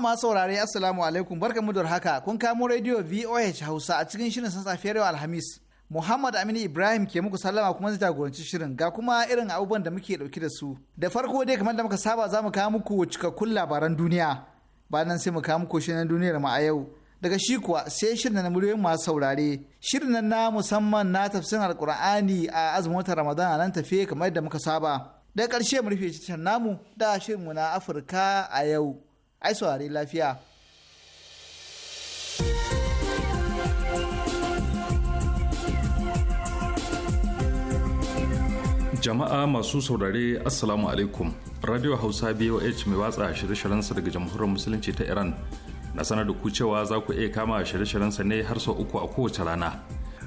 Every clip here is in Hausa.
ma masu saurare assalamu alaikum barkamu da haka kun kamo rediyo VOH Hausa a cikin shirin san safiyar yau Alhamis. Muhammad Aminu Ibrahim ke muku sallama kuma zai jagoranci shirin ga kuma irin abubuwan da muke dauki da su. Da farko dai kamar da muka saba za mu kawo muku cikakkun labaran duniya. Bayan sai mu kawo muku shirin duniyar mu a yau. Daga shi kuwa sai shirin na muryoyin masu saurare. Shirin na musamman na tafsirin Alkur'ani a azumin watan Ramadan a nan tafe kamar da muka saba. Da ƙarshe mu rufe namu da shirin mu na Afirka a yau. ai saurari lafiya. jama'a masu saurare assalamu alaikum radio hausa boh mai watsa shirye-shiryensa daga jamhuriyar musulunci ta iran na sanar da ku cewa za ku iya kama shirye-shiryensa ne har sau uku a kowace rana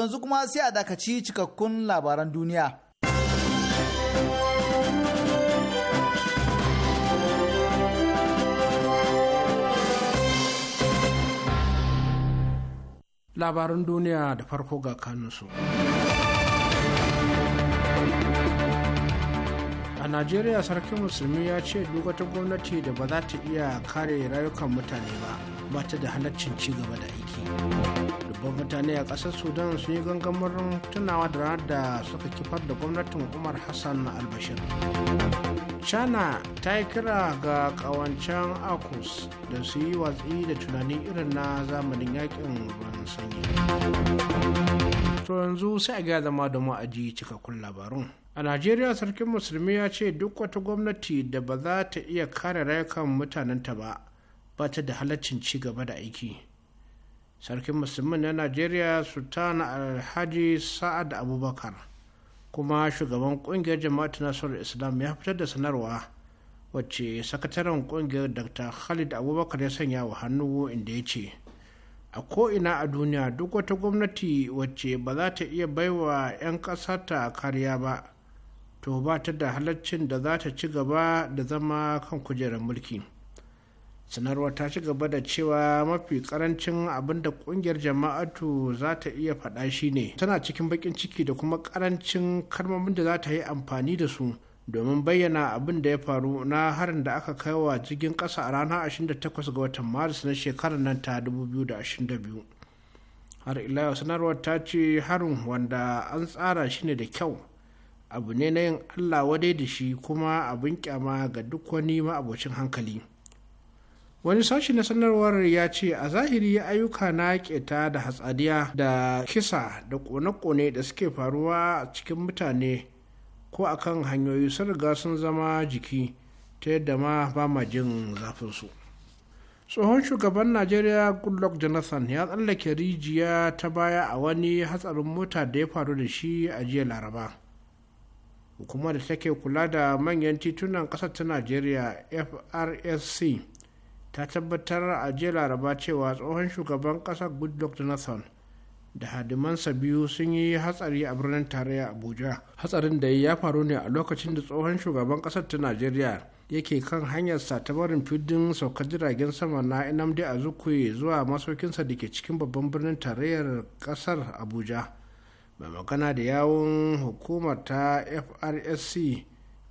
yanzu kuma sai a dakaci cikakkun labaran duniya. Labaran duniya da farko ga kanunsu. a najeriya sarkin musulmi ya ce duk wata gwamnati da ba za ta iya kare rayukan mutane ba ba ta da halaccin ci gaba da aiki Babban mutane a ƙasar sudan sun yi gangamin tunawa da ranar da suka kifar da gwamnatin umar hassan albashir china ta yi kira ga kawancen akus da su yi watsi da tunanin irin na zamanin yakin ruwan sanyi to yanzu sai a gaya zama domin a ji cikakkun labarun a najeriya sarkin musulmi ya ce duk wata gwamnati da ba za ta iya kare rayukan mutanenta ba ba ta da halaccin ci gaba da aiki sarkin musulmin na najeriya sultana alhaji sa'ad abubakar kuma shugaban kungiyar ta nasarar islam ya fitar da sanarwa wacce sakataren kungiyar dr khalid abubakar ya sanya wa hannu inda ya ce a ko'ina a duniya duk wata gwamnati wacce ba za ta iya baiwa 'yan ƙasa ta kariya ba to ba ta da halaccin da za ta ci gaba da zama kan kujerar mulki. sanarwar ta ci gaba da cewa mafi karancin abin da kungiyar jama'atu za ta iya faɗa ne tana cikin baƙin ciki da kuma karancin kalmomin da za ta yi amfani da su domin bayyana abin da ya faru na harin da aka kai wa jirgin ƙasa a ranar 28 ga watan maris na shekarar nan ta 2022 har ila yau sanarwar ta ce harin wanda an tsara shi ne da kyau abu ne na yin allah wadai da shi kuma abin kyama ga duk wani ma'abocin hankali wani sashi na sanarwar ya ce a zahiri ayyuka na keta da hatsadiya da kisa da kone-kone da suke faruwa a cikin mutane ko a kan hanyoyi sun riga sun zama jiki ta yadda ma ba ma jin zafinsu tsohon shugaban najeriya goodluck jonathan ya tsallake rijiya ta baya a wani hatsarin mota da ya faru da shi a jiya laraba hukumar da take kula da manyan titunan kasar ta najeriya frsc ta tabbatar a jiya laraba cewa tsohon shugaban ƙasar goodluck jonathan da hadimansa biyu sun yi hatsari a birnin tarayya abuja hatsarin da ya faru ne a lokacin da tsohon shugaban ƙasar ta najeriya yake kan hanyarsa ta barin fidin saukar jiragen sama na inamdi a zukwe zuwa masaukinsa da ke cikin babban birnin tarayyar kasar abuja mai magana da yawon hukumar ta frsc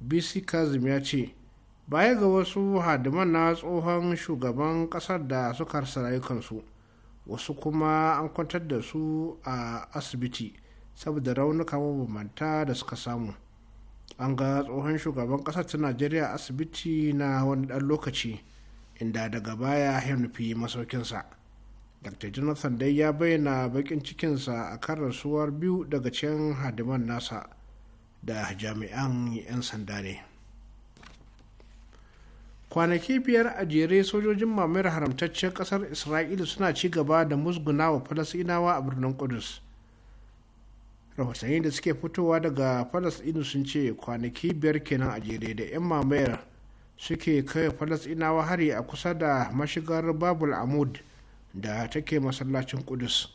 bc kazim ya ce baya ga wasu hadiman na tsohon shugaban kasar da suka rasa rayukansu wasu kuma an kwantar da su a asibiti saboda raunuka mabambanta da suka samu an ga tsohon shugaban kasar ta najeriya asibiti na wani dan lokaci inda daga baya ya nufi masaukinsa dr jonathan dai ya bayyana bakin cikinsa a kan rasuwar biyu daga cikin hadiman nasa da jami'an 'yan sanda ne kwanaki biyar a jere sojojin mamayar haramtaccen kasar isra'ila suna ci gaba da musguna wa falasinawa a birnin kudus rahotanni da suke fitowa daga falasinu sun ce kwanaki biyar kenan a jere da 'yan mamayar suke kai falasinawa hari a kusa da mashigar babul amud da take masallacin kudus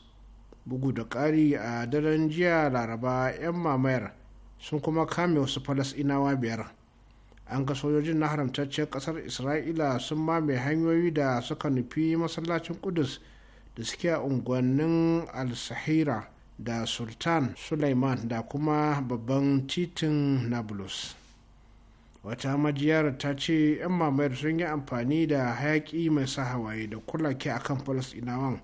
bugu da ƙari a daren jiya laraba 'yan mamayar sun kuma kame wasu falasinawa biyar an ga sojojin na haramtacciyar kasar isra'ila sun mame hanyoyi da suka nufi masallacin kudus da suke a unguwannin al-sahira da sultan suleiman da kuma babban titin nablus wata majiyar ta ce 'yan mamayar sun yi amfani da hayaki mai sa hawaye da kulake akan falasɗinawan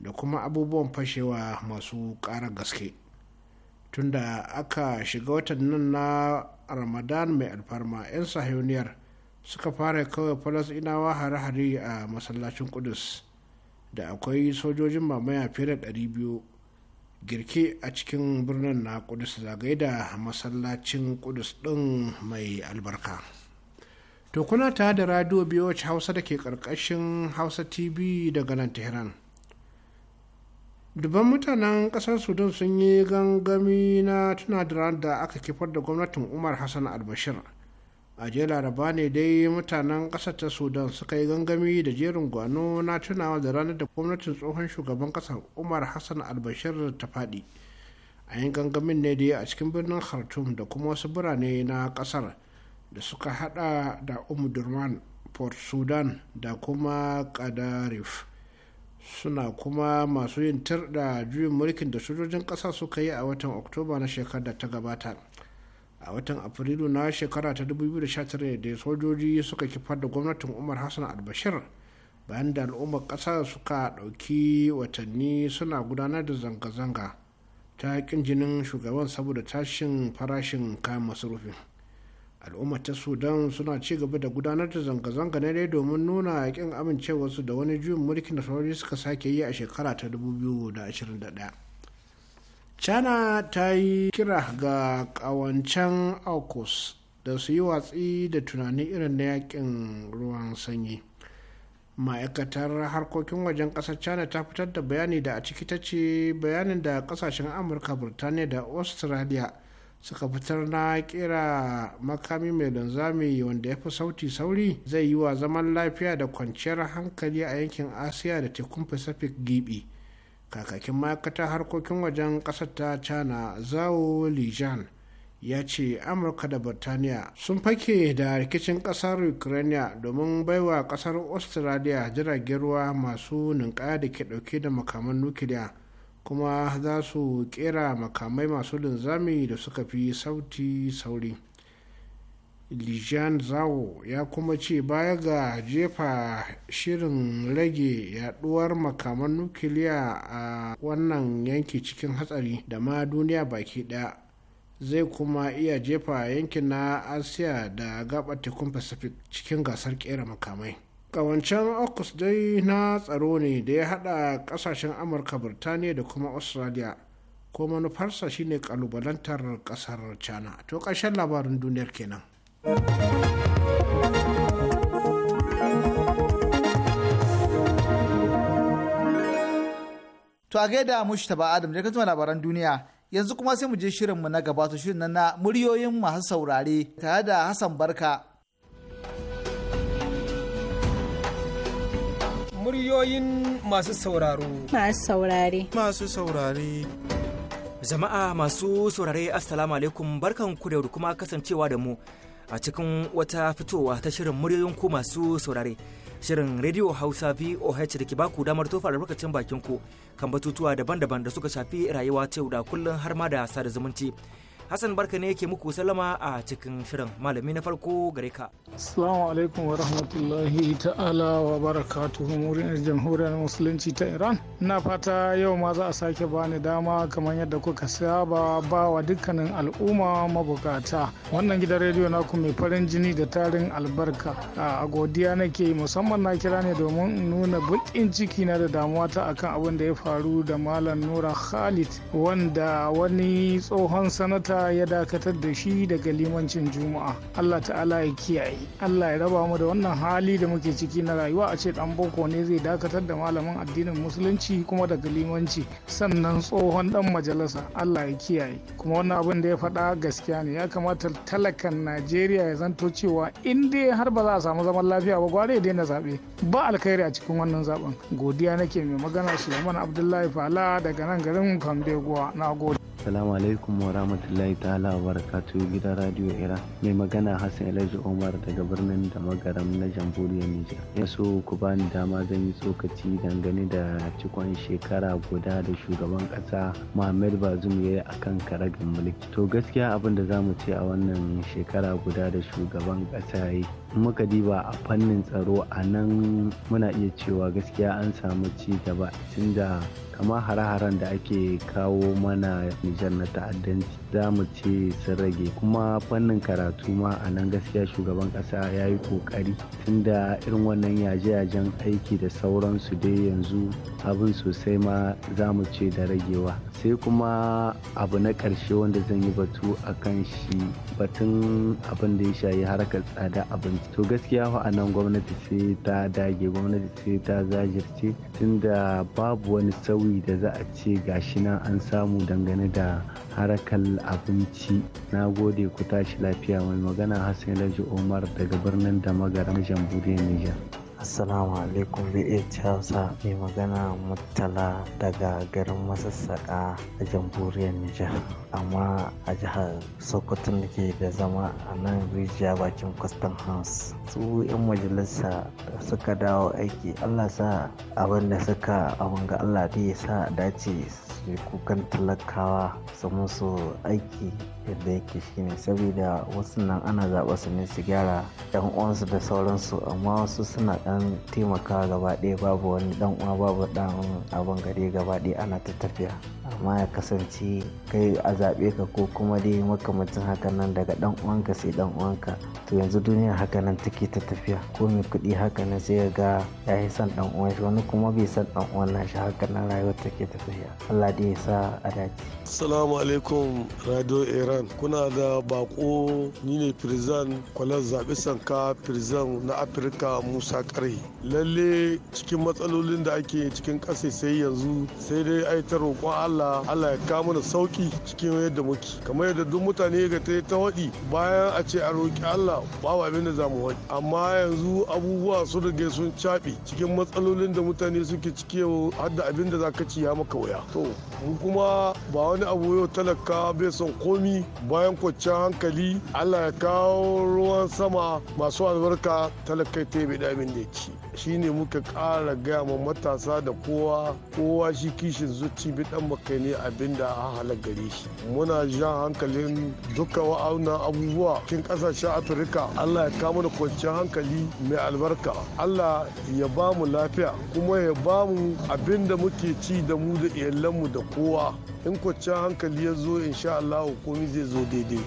da kuma abubuwan fashewa masu ƙara gaske. tunda aka shiga watan nan na ramadan mai alfarma 'yan sahiyoniyar suka fara kawai falasinawa hare-hare a masallacin kudus da akwai sojojin mamaya fiye da 200 girki a cikin birnin na kudus zagaye da masallacin kudus ɗin mai albarka to kuna tare da radio biyu hausa da ke karkashin hausa tv daga nan tehran dubban mutanen kasar sudan sun yi gangami na tuna da da aka kifar da gwamnatin umar hassan albashir a jiya laraba ne dai mutanen kasar ta sudan suka yi gangami da jerin gwano na tunawa da ranar da gwamnatin tsohon shugaban kasar umar hassan albashir ta faɗi a yin gangamin ne dai a cikin birnin khartoum da kuma wasu birane na kasar da suka hada da umdurman port sudan da kuma kadarif suna kuma masu yin tarda juyin mulkin da sojojin ƙasa suka yi a watan oktoba na shekarar da ta gabata a watan afrilu na shekara ta 2019 da sojoji suka kifar da gwamnatin umar hassan albashir bayan da al'ummar ƙasa suka ɗauki watanni suna gudanar da zanga-zanga ta ƙin jinin shugaban saboda tashin farashin kayan masarufin. al'ummar ta sudan suna ci gaba da gudanar da zanga-zanga na dai domin nuna yakin amincewarsu da wani juyin mulkin da sauri suka sake yi a shekara ta 2021 china ta yi kira ga kawancen aukus da su yi watsi da tunanin irin na yakin ruwan sanyi ma'aikatar harkokin wajen ƙasar china ta fitar da bayani da a ciki ta ce bayanin da kasashen amurka burtaniya da australia suka fitar na kira makami mai linzami wanda ya fi sauti sauri zai yi wa zaman lafiya da kwanciyar hankali a yankin asiya da tekun pacific gibi kakakin ma'aikatar harkokin wajen ƙasar ta china zao lijan ya ce amurka da birtaniya sun fake da rikicin ƙasar ukraine domin baiwa ƙasar australia jiragen ruwa masu ninkaya da ke ɗauke da makaman nukiliya kuma za su kera makamai masu linzami da suka fi sauti sauri lijian zawo ya kuma ce baya ga jefa shirin rage yaduwar makaman nukiliya a wannan yanki cikin hatsari da ma duniya baki daya zai kuma iya jefa yankin na asiya da gabar tekun pacific cikin gasar kera makamai kawancen AUKUS dai na tsaro ne da ya hada kasashen amurka birtaniya da kuma australia ko manufarsa shine kalubalantar kasar china to ƙarshen labarin duniyar kenan to a gaida taba adam da kasuwa labaran duniya yanzu kuma sai mu je shirinmu na gaba to shirin na muryoyin masu saurare tare da hassan barka muryoyin masu sauraro. Masu saurare. Masu saurare. Jama'a masu saurare Assalamu alaikum barkanku da kuma kasancewa da mu a cikin wata fitowa ta shirin muryoyin ku masu saurare. Shirin Radio Hausa VOH da ke baku damar tofa lokacin bakin ku kan batutuwa daban-daban da suka shafi rayuwa ta da kullum har ma da sada zumunci. Hassan Barka ne yake muku salama a cikin shirin malami na farko gare ka. Assalamu alaikum wa rahmatullahi ta'ala wa barakatuhu murin jamhuriyar musulunci ta Iran. Ina fata yau ma za a sake bani dama kamar yadda kuka saba ba wa dukkanin al'umma mabukata. Wannan gidan rediyo naku mai farin jini da tarin albarka. A godiya nake musamman na kira ne domin in nuna bukin ciki na da damuwa ta akan abin da ya faru da Malam Nura Khalid wanda wani tsohon sanata haka ya dakatar da shi daga limancin juma'a allah ta'ala ya kiyaye allah ya raba mu da wannan hali da muke ciki na rayuwa a ce dan boko ne zai dakatar da malamin addinin musulunci kuma daga limanci sannan tsohon dan majalisa allah ya kiyaye kuma wannan abin da ya faɗa gaskiya ne ya kamata talakan najeriya ya zanto cewa in dai har ba za a samu zaman lafiya ba gware ya daina zaɓe ba alkhairi a cikin wannan zaben godiya nake mai magana suleiman abdullahi fala daga nan garin kwambeguwa na gode Assalamu alaikum wa rahmatullahi ta'ala wa barakatuhu gidan Radio Iran. Mai magana Hassan Elijah umar daga birnin da magaram na jamhuriyar Nijar. Ya so ku bani dama zan yi tsokaci dangane da cikon shekara guda da shugaban kasa Muhammad bazum ya yi akan karagan mulki. To gaskiya abin da za ce a wannan shekara guda da shugaban kasa ya yi. muka diba a fannin tsaro a nan muna iya cewa gaskiya an samu ci gaba tunda kama hare-haren da ake kawo mana nijar na ta'addanci za mu ce sun rage kuma fannin karatu ma a nan gaskiya shugaban kasa ya yi kokari tunda irin wannan yaje-yajen aiki da sauransu dai yanzu abin sosai ma za mu ce da ragewa sai kuma abu na ƙarshe wanda zan yi batu a kan shi batun abin da ya shayi harkar tsada abinci to gaskiya a nan gwamnati sai ta dage gwamnati sai ta zajirce tunda babu wani sauyi da za a ce gashi nan an samu dangane da harkar abinci na gode ku tashi lafiya mai magana hassan laji omar daga birnin da jamhuriyar nijar Assalamu alaikum VH Hausa mai magana Murtala daga garin Masassaƙa a jamhuriyar Nijar. Amma a jihar Sokoto nake da zama a nan rijiya bakin Custom House. Su 'yan majalisa suka dawo aiki Allah sa abin da suka abin ga Allah da ya sa dace su kukan talakawa su musu aiki yadda yake shine saboda wasu nan ana zaɓa su ne su gyara yan uwansu da sauransu amma wasu suna ɗan taimakawa gaba ɗaya babu wani ɗan uwa babu ɗan abin gari gaba ɗaya ana ta tafiya amma ya kasance kai a zaɓe ka ko kuma dai makamancin hakan nan daga dan uwanka sai dan uwanka to yanzu duniya haka nan take ta tafiya ko mai kuɗi haka nan sai ga ya yi son dan uwan shi wani kuma bai son dan uwan nashi haka nan rayuwar take tafiya Allah dai ya sa a dace assalamu alaikum radio iran kuna da bako ni ne firzan kwalar zaɓe sanka firzan na afirka musa kare lalle cikin matsalolin da ake cikin ƙasa sai yanzu sai dai ai ta allah. Allah Allah ya kawo mana sauki cikin yadda muke kamar yadda duk mutane ga ta ta waɗi bayan a ce a roƙi Allah babu abin da zamu waɗi amma yanzu abubuwa sun rage sun caɓe cikin matsalolin da mutane suke ciki har da abin da zaka ci ya maka wuya to mu kuma ba wani abu yau talaka bai son komi bayan kwanciyar hankali Allah ya kawo ruwan sama masu albarka talakai ta yi abin da ya ci shine muka kara gaya ma matasa da kowa kowa shi kishin zuci bi dan kai ne abin da a halar gare shi muna jan hankalin duka wa'aunan abubuwa cikin kasashen afirka allah ya kama da kwanciyar hankali mai albarka allah ya ba mu lafiya kuma ya ba mu abin da muke ci da mu da iyalanmu da kowa in kwanciyar hankali ya zo insha allahu komi zai zo daidai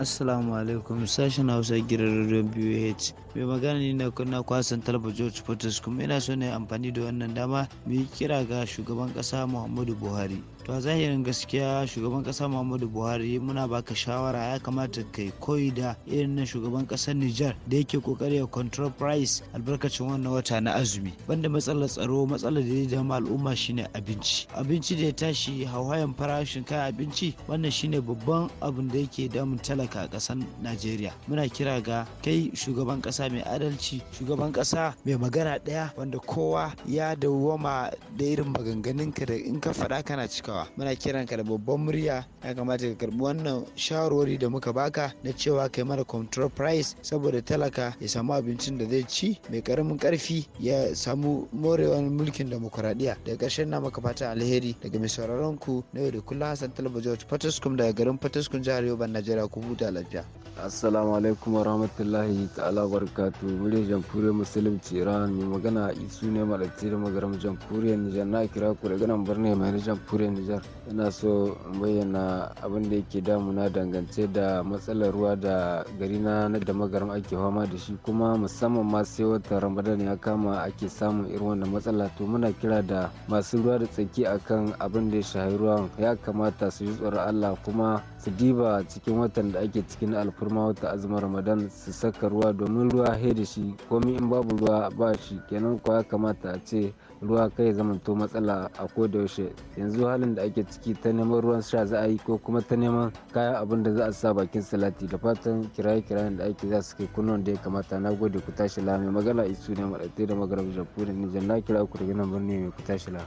assalamu alaikum sashen hausa gidan radio bh mai magana ne na kunna kwasan talba george fortis kuma ina so ne amfani da wannan dama mu yi kira ga shugaban ƙasa muhammadu buhari to a zahirin gaskiya shugaban kasa muhammadu buhari muna baka shawara ya kamata kai koyi da irin na shugaban kasar Nijar da yake kokari ya control price albarkacin wannan wata na azumi banda matsalar tsaro matsalar da ya dama al'umma shine abinci abinci da ya tashi hawayen farashin kayan abinci wannan shine babban abin da yake damun talaka a kasar najeriya muna kira ga kai shugaban kasa mai adalci shugaban kasa mai magana daya wanda kowa ya dawwama da irin maganganun ka da in ka faɗa kana cikawa muna kiran ka da babban murya ya kamata ka karbi wannan shawarwari da muka baka na cewa kai mana control price saboda talaka ya samu abincin da zai ci mai karamin karfi ya samu morewar mulkin demokuraɗiyya daga ƙarshen na maka fata alheri daga mai sauraron ku na yau da kullum hassan Talaba george fataskum daga garin fataskum jihar yoban najeriya ku huta lafiya assalamu alaikum wa rahmatullahi ta'ala barkatu muryar jamhuriyar musulunci iran mai magana isu ne malatsi da magaram jamhuriyar nijar na kira ku daga nan birnin mai jamhuriyar Nijar. Ina so in bayyana abin da yake damuna dangance da matsalar ruwa da gari na da magaram ake fama da shi kuma musamman ma sai watan Ramadan ya kama ake samun irin wannan matsala to muna kira da masu ruwa da tsaki akan abin da ya shahi ruwan ya kamata su yi tsoron Allah kuma su diba cikin watan da ake cikin alfurma wata azumin Ramadan su saka ruwa domin ruwa he da shi komai in babu ruwa ba shi kenan kuwa ya kamata a ce ruwa kai ya zamanto matsala a koda yaushe yanzu halin da ake ciki ta neman ruwan sha za a yi ko kuma ta neman kayan abin da za a sa bakin salati da fatan kiraye kirayen da ake za su kai kunnon da ya kamata na gode ku tashi la mai magana isu ne maɗaɗe da magaram jamhuriyar nijar na kira ku daga nan birni mai ku tashi la.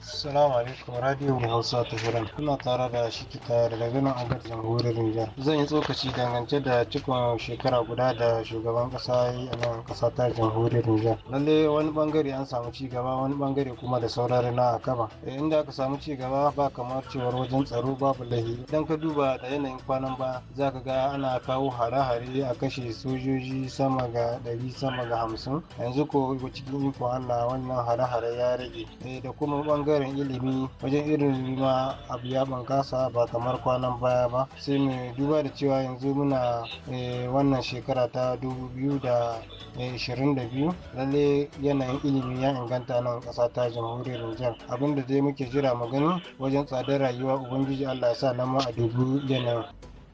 Assalamu alaikum radio Hausa ta shirin kuna tare da shi da daga a agar jamhuriyar Nijar. Zan yi tsokaci dangance da cikon shekara guda da shugaban kasa yi a nan kasa ta jamhuriyar Nijar. Lalle wani bangare an samu ci gaba wani bangare kuma da saurari na akaba. Eh, inda aka samu ci gaba ba kamar cewar wajen tsaro babu lahi. Idan ka duba da yanayin kwanan ba za ka ga ana kawo hare-hare a kashe sojoji sama ga ɗari sama ga hamsin. Yanzu ko cikin ikon Allah wannan hare-hare ya rage. Eh, da kuma bangare ɓangaren ilimi wajen irin ruwa abu ya bunkasa ba kamar kwanan baya ba sai mu duba da cewa yanzu muna eh, wannan shekara ta 2022 eh, lalle yanayin ilimi ya inganta nan ƙasa ta jamhuriyar Nijar abinda dai muke jira mu gani wajen tsadar rayuwa ubangiji Allah ya sa nan ma a dubu yanayin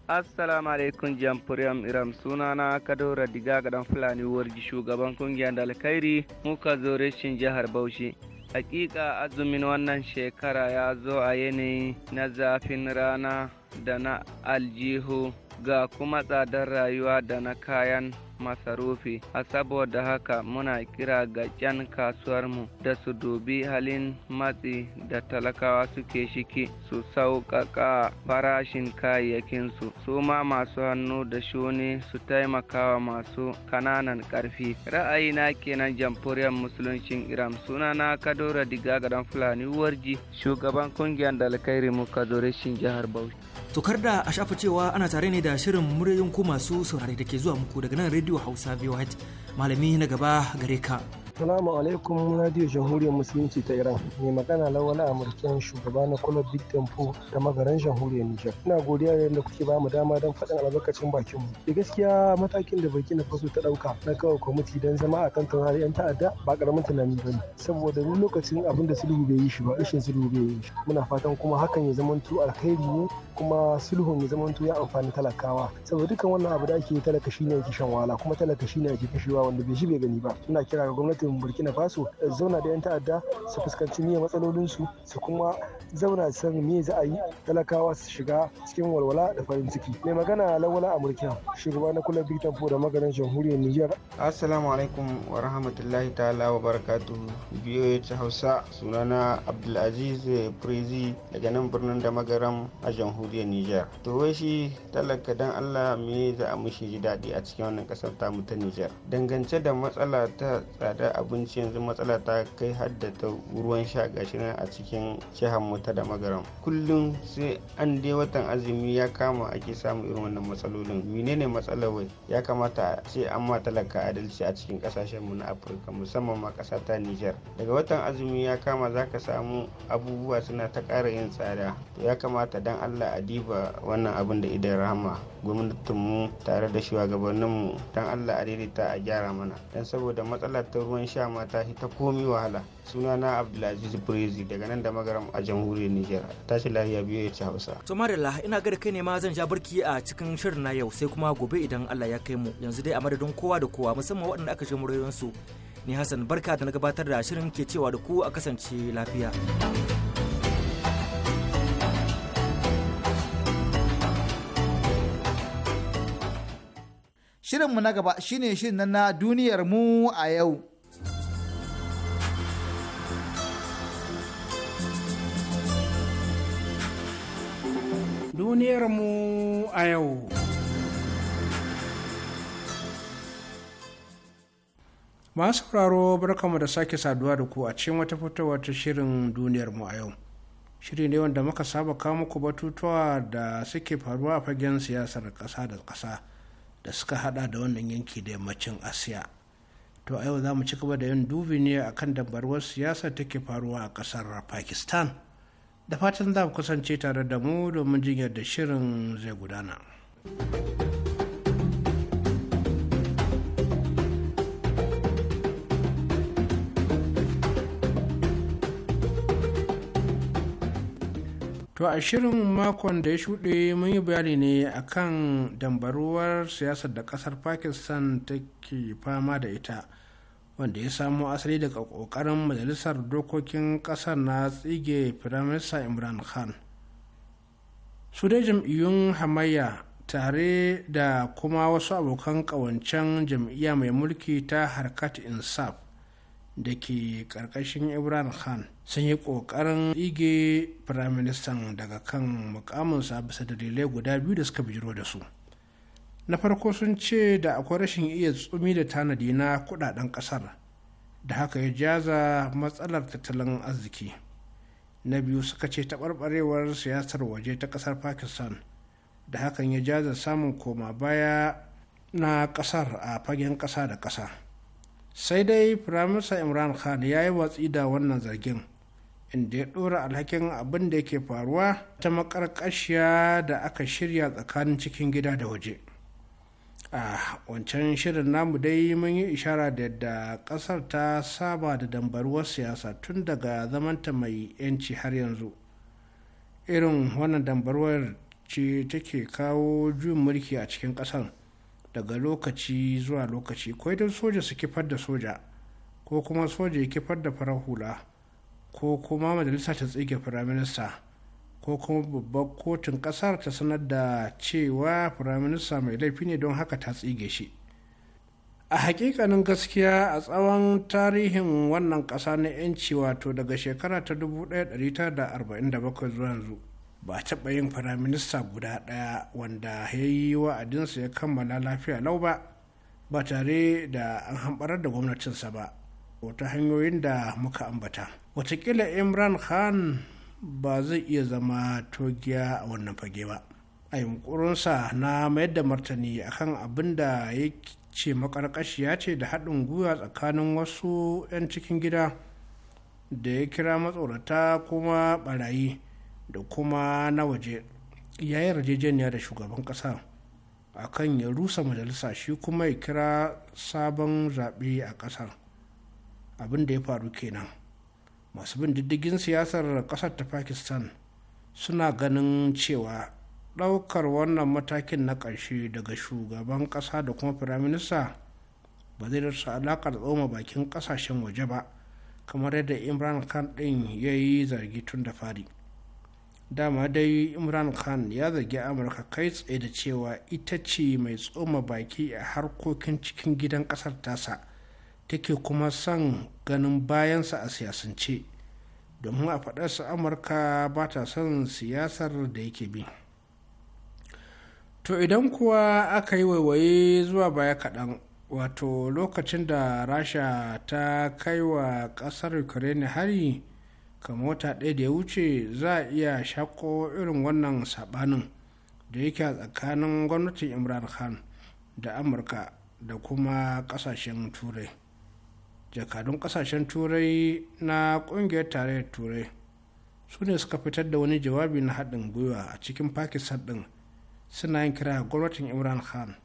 assalamu alaikum jamfuriyam iram na kadora diga gadan fulani wargi shugaban kungiyar da alkhairi muka zo rashin jihar bauchi Hakika azumin wannan shekara ya zo a yanayi na zafin rana da na aljihu ga kuma tsadar rayuwa da na kayan masarufi a saboda haka muna kira ga 'yan kasuwarmu da su dubi halin matsi da talakawa suke shiki su sauƙaƙa farashin kayayyakin su ma masu hannu da shuni su taimakawa masu ƙananan ƙarfi ra'ayina kenan jamhuriyar musuluncin iran sunana kadora diga fulani warji shugaban kungiyar dalkairi muka zo jihar bauchi To da a shafa cewa ana tare ne da shirin muryoyin ku masu saurari da ke zuwa muku daga nan Radio Hausa VOH. Malami na gaba gare ka. Assalamu alaikum Radio Jamhuriyar Musulunci ta Iran. Mai magana lawala Amurken shugaba na kula Big Tempo ta magaran Jamhuriyar Nijar. Ina godiya da yadda kuke bamu dama don faɗin albarkacin bakin mu. Da gaskiya matakin da Burkina Faso ta ɗauka na kawo kwamiti don zama a kan taurari 'yan ta'adda ba karamin tunani ba ne. Saboda wani lokacin abin da sulhu bai yi shi ba rashin sulhu bai yi shi. Muna fatan kuma hakan ya tu alkhairi ne kuma sulhun ya zamanto ya amfani talakawa. Saboda dukkan wannan abu da ake talaka shine yake shan wahala kuma talaka shine yake kashewa wanda bai shi bai gani ba. Ina kira ga gwamnati gwamnatin burkina faso zauna da 'yan ta'adda su fuskanci miya matsalolinsu su kuma zauna san me za a yi talakawa su shiga cikin walwala da farin ciki mai magana lawala a burkina shugaba na kula big tampo da maganin jamhuriyar niger assalamu alaikum wa rahmatullahi ta'ala wa barakatu biyo ta hausa sunana abdulaziz prezi daga nan birnin da magaram a jamhuriyar niger to wai shi talaka dan allah me za a mushi ji daɗi a cikin wannan ƙasar tamu ta niger dangance da matsala ta tsada abinci yanzu matsala ta kai haddata ruwan sha gashi nan a cikin jihar mu ta da magaram kullum sai an dai watan azumi ya kama ake samun irin wannan matsalolin menene matsalar wai ya kamata sai an ma talaka adalci a cikin kasashen mu na afirka musamman ma kasa ta niger daga watan azumi ya kama zaka samu abubuwa suna ta ƙara yin tsada ya kamata dan allah a diba wannan abin da idan rahama gwamnatinmu tare da shugabanninmu dan allah a daidaita a gyara mana dan saboda matsalar ta ruwan ruwan sha mata ta komi wahala suna na abdulaziz brezi daga nan da magaram a jamhuriyar niger tashi lahiya biyu ya ci hausa to marilla ina ga kai ne ma zan ja barki a cikin shirin na yau sai kuma gobe idan allah ya kai mu yanzu dai a madadin kowa da kowa musamman waɗanda aka shi murayen su ni hassan barka da na gabatar da shirin ke cewa da ku a kasance lafiya shirin mu na gaba shine shirin na duniyar mu a yau. duniyarmu a yau. Masu barka barkamu da sake saduwa da ku a cikin wata fitowar ta shirin duniyarmu a yau. Shiri ne wanda muka saba kawo muku batutuwa da suke faruwa a fagen siyasar ƙasa da ƙasa da suka hada da wannan yanki da yammacin Asiya. To a yau za mu ci gaba da yin dubi ne akan dabarwar siyasa take faruwa a ƙasar Pakistan. da fatan za ku kasance tare da mu domin jin yadda shirin zai gudana. To a shirin makon da ya shuɗe mun yi bayani ne akan dambaruwar siyasar da ƙasar Pakistan take fama da ita wanda ya samo asali daga kokarin majalisar dokokin kasar na tsige firaminista imran khan su dai jam'iyyun hamayya tare da kuma wasu abokan kawancen jam'iyya mai mulki ta harkat insaf da ke karkashin imran khan sun yi kokarin tsige firaministan daga kan mukaminsa bisa dalilai guda biyu da suka bijiro da su na farko sun ce da akwai rashin iya tsumi da tanadi na kudaden kasar da haka ya jaza matsalar tattalin arziki na biyu suka ce taɓarɓarewar siyasar waje ta ƙasar pakistan da hakan ya jaza samun koma baya na ƙasar a fagen ƙasa da ƙasa sai dai firaminista imran khan ya yi watsi da wannan zargin inda ya ɗora alhakin abin da yake faruwa ta maƙarƙashiya da aka shirya tsakanin cikin gida da waje a ah, wancan shirin namu dai mun yi ishara da yadda kasar ta saba da dambaruwar siyasa tun daga zamanta mai yanci har yanzu irin wannan dambaruwar ce take kawo juyin mulki a cikin kasar daga lokaci zuwa lokaci ko don soja su kifar da soja ko kuma soja ya kifar da farar hula ko kuma majalisa ta tsige firaminista ko kuma babbar kotun kasar ta sanar da cewa firaminista mai laifi ne don haka ta tsige shi a hakikanin gaskiya a tsawon tarihin wannan ƙasa na 'yanci wato daga shekara ta 1947 zuwa yanzu ba a taɓa yin firaminista guda ɗaya wanda ya yi wa'adinsa ya kammala lafiya lau ba ba tare da an hamɓarar da gwamnatinsa ba wata hanyoyin da muka ambata watakila imran khan ba zai iya zama togiya a wannan fage ba a yunkurinsa na mayar da martani akan abin da ya ce makarkashiya ce da haɗin gwiwa tsakanin wasu 'yan cikin gida da ya kira matsorata kuma barayi da kuma na waje ya yi yarjejeniya da shugaban ƙasa akan ya rusa majalisa shi kuma ya kira sabon zaɓe a ƙasar abin da ya faru kenan masu bin diddigin siyasar kasar ta pakistan suna ganin cewa ɗaukar wannan matakin na ƙarshe daga shugaban ƙasa da kuma firaminista ba zai rasa alaƙar tsoma bakin ƙasashen waje ba kamar yadda imran khan ɗin ya yi zargi tun da fari dama dai imran khan ya zargi amurka kai tsaye da cewa ita ce mai tsoma baki a harkokin cikin gidan ƙasar tasa take kuma son ganin bayansa a siyasance domin a faɗarsa amurka ba ta son siyasar da yake bi to idan kuwa aka yi waiwaye zuwa baya kaɗan wato lokacin da rasha ta kai wa ƙasar ukraine hari kamar wata ɗaya da ya wuce za a iya shako irin wannan saɓanin da yake a tsakanin gwamnatin imran khan da amurka da kuma ƙasashen turai jakadun kasashen turai na kungiyar tarayyar turai su ne suka fitar da wani jawabi na haɗin gwiwa a cikin pakistan ɗin suna yin kira gwamnatin imran khan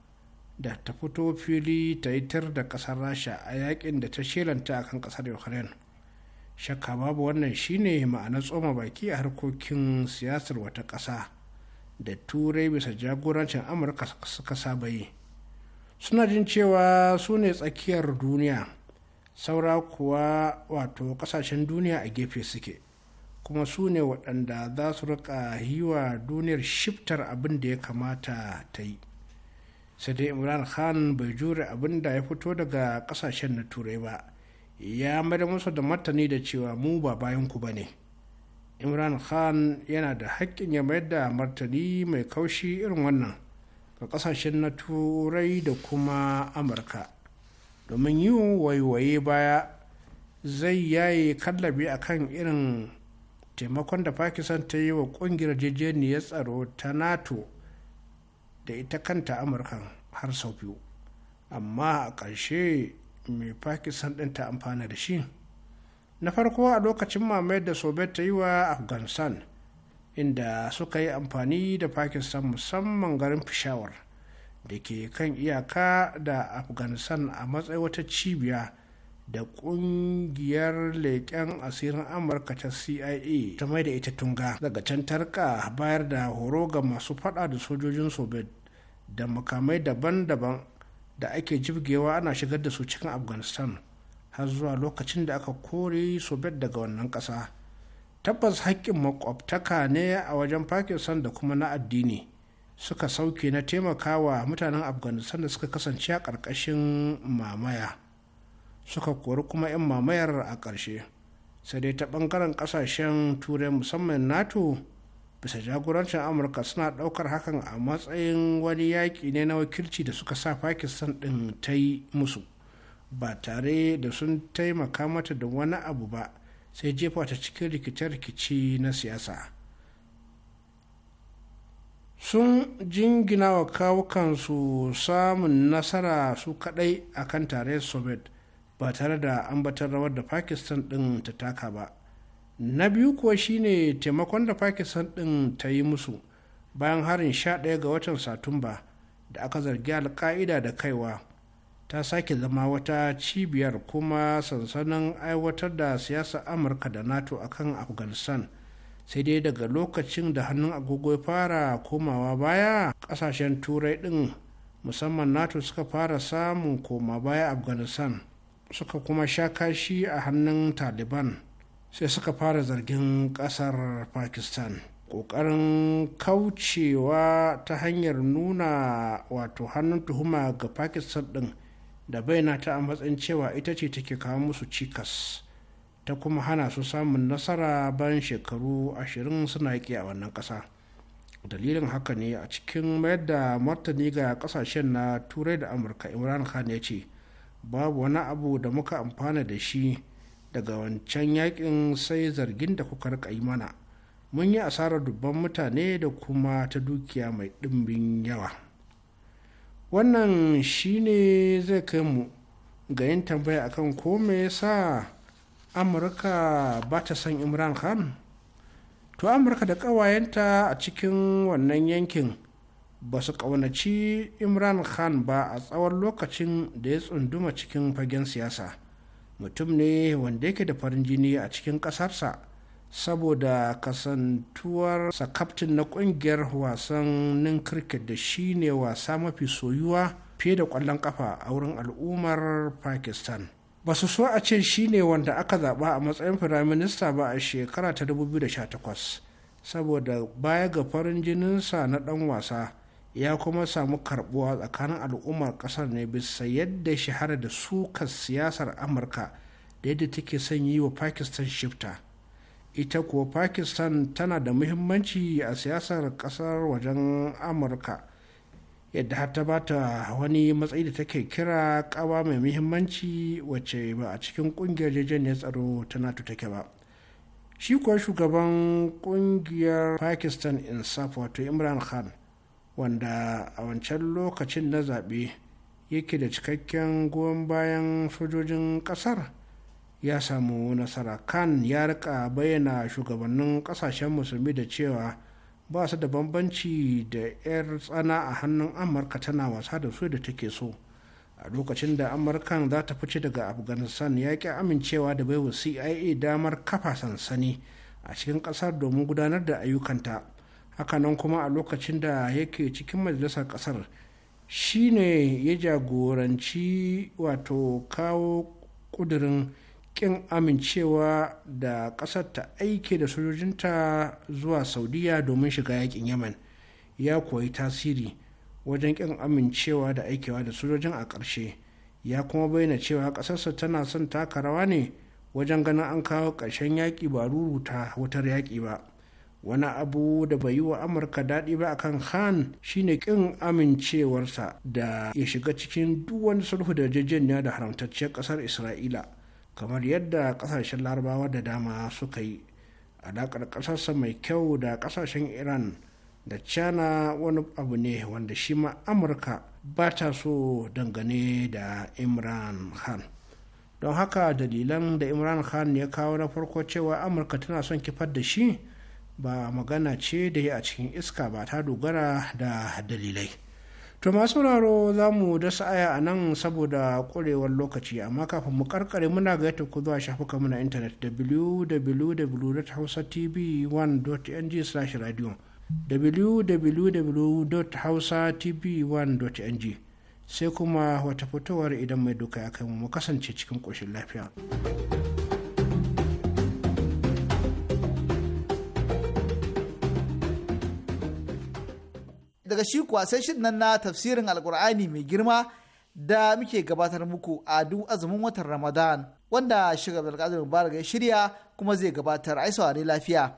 da ta fito fili ta yi tar da ƙasar rasha a yakin da ta shelanta a kan ƙasar ukraine shakka babu wannan shine ma'anar tsoma baki a harkokin siyasar wata ƙasa da turai bisa jagorancin amurka suka saba yi suna jin cewa su ne tsakiyar duniya saura kuwa wato kasashen duniya a gefe suke kuma su ne waɗanda za su rika yi wa duniyar shiftar abin da ya kamata ta yi sai dai imran khan bai jure abin da ya fito daga kasashen na turai ba ya mada musu da martani da cewa mu ba bayanku ba ne imran khan yana da haƙƙin ya mayar da martani mai kaushi irin wannan ga kasashen na turai da kuma amurka domin yin waiwaye baya zai yaye kallabi a kan irin taimakon da pakistan ta yi wa kungiyar jejeniyar tsaro ta nato da ita kanta amurkan har sau biyu amma a ƙarshe mai pakistan ɗin ta amfana da shi na farko a lokacin mamayar da soviet ta yi wa afghanistan inda suka yi amfani da pakistan musamman garin fishawar. da ke kan iyaka da afghanistan a matsayin wata cibiya da kungiyar leƙen asirin amurka ta cia ta mai da ita tunga daga can tarka bayar da horo ga masu fada da sojojin soviet da makamai daban-daban da ake jibgewa ana shigar da su cikin afghanistan har zuwa lokacin da aka kore soviet daga wannan ƙasa tabbas haƙƙin makwabtaka ne a wajen pakistan da kuma na addini suka sauke na taimakawa mutanen afghanistan da suka kasance a ƙarƙashin mamaya suka kori kuma 'yan mamayar a ƙarshe sai dai ta ɓangaren ƙasashen turai musamman nato bisa jagorancin amurka suna ɗaukar hakan a matsayin wani yaƙi ne na wakilci da suka sa pakistan ɗin ta yi musu ba tare da sun taimaka mata da wani abu ba sai jefa ta cikin rikice-rikici na siyasa. sun jingina wa kawukansu samun nasara su kadai a kan tarayyar soviet ba tare da ambatar rawar da pakistan din ta taka ba na biyu kuwa shine taimakon da pakistan din ta yi musu bayan harin sha 11 ga watan satumba da aka zargi alka'ida da kaiwa ta sake zama wata cibiyar kuma sansanin aiwatar da siyasar amurka da nato akan afghanistan sai dai daga lokacin da hannun agogo ya fara komawa baya kasashen turai din musamman nato suka fara samun koma baya afghanistan suka kuma sha kashi a hannun taliban sai suka fara zargin kasar pakistan ƙoƙarin kaucewa ta hanyar nuna wato hannun tuhuma ga pakistan din da bayyana ta a matsayin cewa ita ce take kawo musu cikas ta kuma hana su samun nasara bayan shekaru ashirin suna yaƙi a wannan ƙasa dalilin haka ne a cikin mayar da martani ga ƙasashen na turai da amurka imran khan ya ce babu wani abu da muka amfana da shi daga wancan yakin sai zargin da kuka rika yi mana mun yi asarar dubban mutane da kuma ta dukiya mai ɗimbin yawa wannan shine zai kai mu ga yin tambaya akan ko me yasa amurka ba ta son imran khan to amurka da kawayenta a cikin wannan yankin ba su ƙaunaci imran khan ba a tsawon lokacin da ya tsunduma cikin fagen siyasa mutum ne wanda yake da farin jini a cikin ƙasarsa saboda kasantuwarsa kaftin na ƙungiyar wasannin kirket da shi ne wasa mafi soyuwa fiye da ƙwallon ƙafa a wurin al'ummar pakistan ba su so a ce shi ne wanda aka zaba a matsayin firaminista ba a shekara ta 2018 saboda baya ga farin jininsa na dan wasa ya kuma samu karbuwa tsakanin al'ummar kasar ne bisa yadda shahara da sukar siyasar amurka da yadda take son yi wa pakistan shifta ita kuwa pakistan tana da muhimmanci a siyasar kasar wajen amurka yadda har ta bata wani matsayi da take kira kawa mai muhimmanci wacce ba a cikin kungiyar jejeniyar tsaro ta nato take ba shi kuwa shugaban kungiyar pakistan insaf wato imran khan wanda a wancan lokacin na zaɓe yake da cikakken goyon bayan sojojin ƙasar ya samu nasara khan ya rika bayyana shugabannin ƙasashen musulmi da cewa ba su da bambanci da 'yar tsana a hannun amurka tana wasa da su da take so a lokacin da amurkan za ta fice daga afghanistan ya ƙi amincewa da baiwa cia damar kafa sansani a cikin ƙasar domin gudanar da ayyukanta hakanan kuma a lokacin da yake cikin majalisar ƙasar shine ya jagoranci wato kawo ƙudurin kin amincewa da ƙasar ta aike da sojojinta zuwa saudiya domin shiga yakin yaman ya koyi tasiri wajen kin amincewa da aikewa da sojojin a ƙarshe ya kuma bayyana cewa ƙasarsa tana son taka rawa ne wajen ganin an kawo ƙarshen yaƙi ba ruruta wutar yaƙi ba wani abu da bai yi wa amurka daɗi ba akan khan shine ƙin amincewarsa da ya shiga cikin duk wani sulhu da jejjeniya da haramtacciyar ƙasar isra'ila kamar yadda kasashen larabawa da dama suka yi alaƙar ƙasarsa mai kyau da ƙasashen iran da china wani abu ne wanda shi ma amurka ba ta so dangane da imran khan don haka dalilan da imran khan ya kawo na farko cewa amurka tana son kifar da shi ba magana ce da ya a cikin iska ba ta dogara da dalilai to masu sauraro za mu dasa aya a nan saboda ƙwarewar lokaci amma kafin mu karkare muna ga yadda ku zuwa shafukanmu na intanet www.hausatv1.ng/radio www.hausatv1.ng sai kuma wata fitowar idan mai duka ya kai mu kasance cikin ƙoshin lafiya. daga shi kuwa sai nan na tafsirin alkur'ani mai girma da muke gabatar muku a duk azumin watan ramadan wanda shiga abdulkadir mubarak ya shirya kuma zai gabatar ai saurari lafiya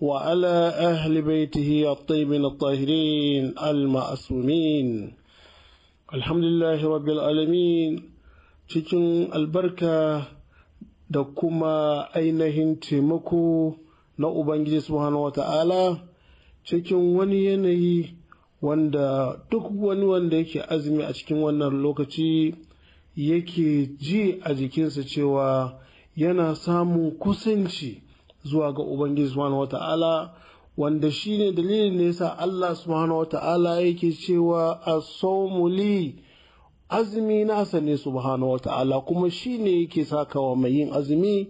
وعلى أهل بيته الطيبين الطاهرين المعصومين الحمد لله رب العالمين cikin albarka da kuma ainihin taimako na Ubangiji subhanahu wa ta'ala cikin wani yanayi wanda duk wani wanda yake azumi a cikin wannan lokaci yake ji a jikinsa cewa yana samun kusanci zuwa ga ubangiji subhanahu wata'ala wanda shi ne dalilin da yasa Allah subhanahu wata'ala yake cewa a sawmu azumi nasa ne subhanahu wata'ala kuma shi ne yake sakawa mai yin azumi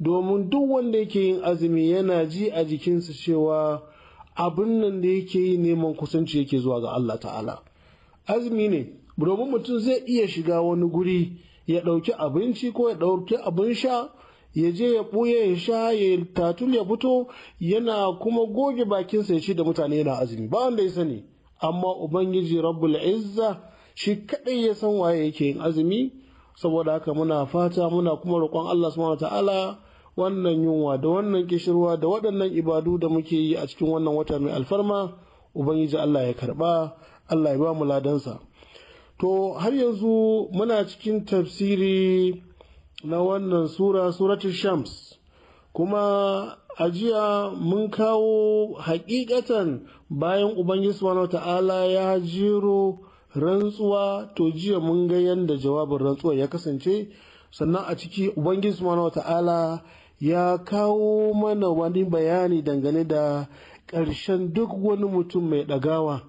domin duk wanda yake yin azumi yana ji a jikinsa cewa abin nan da yake yi neman kusanci yake zuwa ga Allah ta'ala azumi ne domin mutum zai iya shiga wani guri ya ɗauki abinci ko ya ɗauki abin sha ya je ya ɓuya ya sha ya tatul ya fito yana kuma goge bakinsa ya ci da mutane yana azumi ba wanda ya sani amma ubangiji rabbul izza shi kaɗai ya san waye yake yin azumi saboda haka muna fata muna kuma roƙon Allah subhanahu ta'ala wannan yunwa da wannan kishirwa da waɗannan ibadu da muke yi a cikin wannan wata mai alfarma ubangiji Allah ya karɓa Allah ya ba mu ladansa to har yanzu muna cikin tafsiri na wannan sura suratul shams kuma a jiya mun kawo hakikatan bayan ubangiji subhanahu ta'ala ya jiro rantsuwa to jiya mun ga yadda jawabin rantsuwa ya kasance sannan a ciki ubangiji subhanahu ta'ala ya kawo mana wani bayani dangane da ƙarshen duk wani mutum mai ɗagawa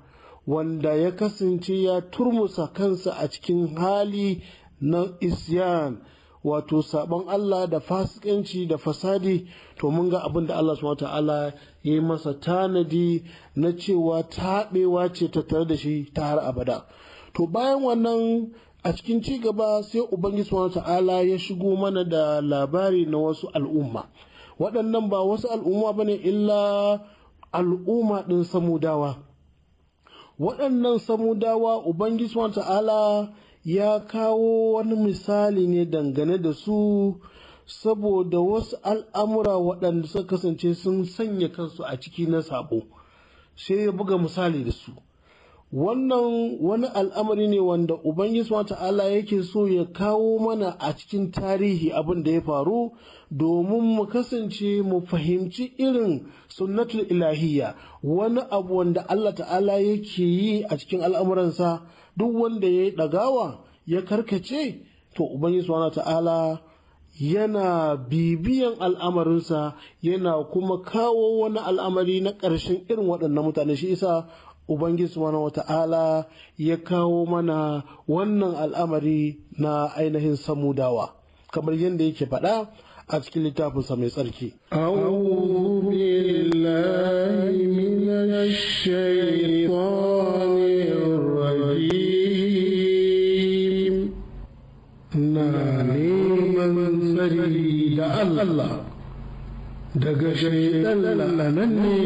wanda ya kasance ya turmusa kansa a cikin hali na isyan wato sabon Allah da fasikanci da fasadi to mun ga abin da Allah subhanahu ta'ala ya yi masa tanadi na cewa taɓewa ce ta tare da shi ta har abada to bayan wannan a cikin ci gaba sai ubangiji subhanahu ta'ala ya shigo mana da labari na wasu al'umma waɗannan ba wasu al'umma bane illa al'umma ɗin samudawa waɗannan samudawa ubangiji subhanahu ta'ala ya kawo wani misali ne dangane da su saboda wasu al'amura waɗanda suka kasance sun sanya kansu a ciki na sabo sai ya buga misali da su wannan wani al'amari ne wanda ubangiji ta'ala yake so ya kawo mana a cikin tarihi abin da ya faru domin mu kasance mu fahimci irin sunnatul ilahiyya wani abu wanda allah ta'ala yake yi a cikin al'amuransa duk wanda ya yi ɗagawa ya karkace to ubangiji subhanahu ta'ala yana bibiyan al'amarinsa yana kuma kawo wani al'amari na ƙarshen irin waɗannan mutane shi isa Ubangiji subhanahu ta'ala ya kawo mana wannan al'amari na ainihin samudawa kamar yadda yake faɗa a cikin littafinsa mai tsarki. أعوذ بالله من Allah daga shaidan lalanan ne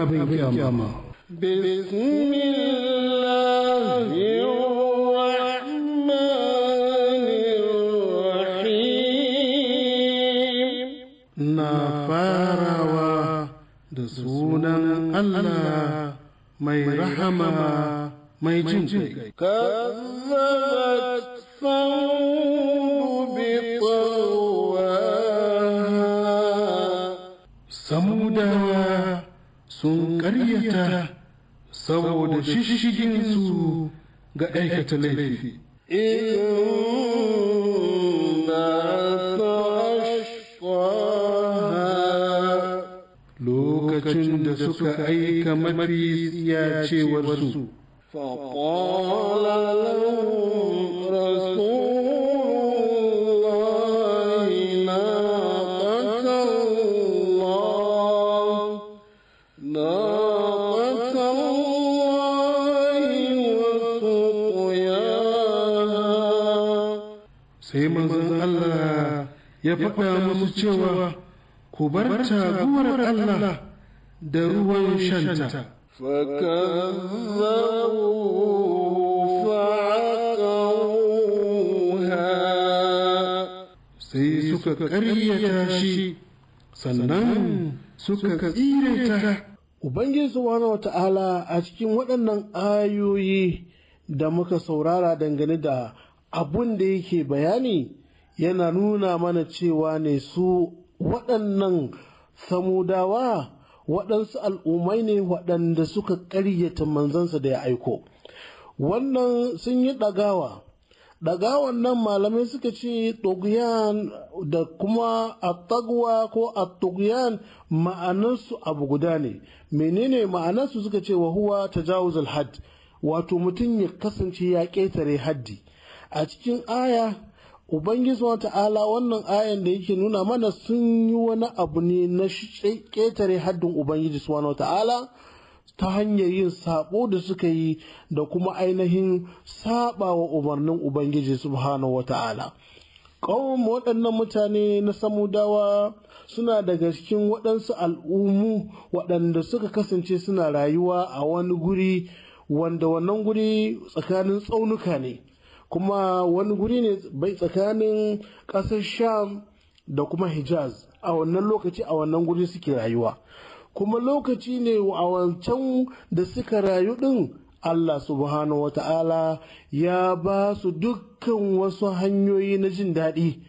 abin kyama. na farawa da sunan Allah mai rahama mai jin kai. sun karyata saboda shishiginsu ga aikata laifi. Lokacin da suka aika mafi tsiyacewarsu. فقال su. ya faɗa musu cewa ku bar taguwar Allah da ruwan shanta sai suka ƙaryata shi sannan suka tsire ta Ubangiji subhanahu wata'ala a cikin waɗannan ayoyi da muka saurara dangane da abun da yake bayani yana nuna mana cewa ne su waɗannan samudawa waɗansu al'ummai ne waɗanda suka ƙaryata manzansa da ya aiko wannan sun yi ɗagawa ɗagawan nan malamai suka ce ɗoguyan da kuma attagwa ko attogiyan ma'anarsu abu guda ne menene ma'anarsu suka ce wa huwa ta wato mutum ya kasance ya ƙetare haddi a cikin aya Ubangiji wa ta'ala wannan ayan da yake nuna mana sun yi wani abu ne na ƙetare haddin Ubangiji wa ta'ala ta hanyar yin saɓo da suka yi da kuma ainihin saba wa umarnin Ubangiji subhanahu wa ta'ala. Ƙawon waɗannan mutane na samudawa suna daga cikin waɗansu al'ummu waɗanda suka kasance suna rayuwa a wani guri wanda wannan guri tsakanin tsaunuka ne. kuma wani guri ne bai tsakanin ƙasar sham da kuma hijaz a wannan lokaci a wannan guri suke rayuwa kuma lokaci ne a wancan da suka rayu din, allah subhanahu wata'ala ya ba su dukkan wasu hanyoyi na jin daɗi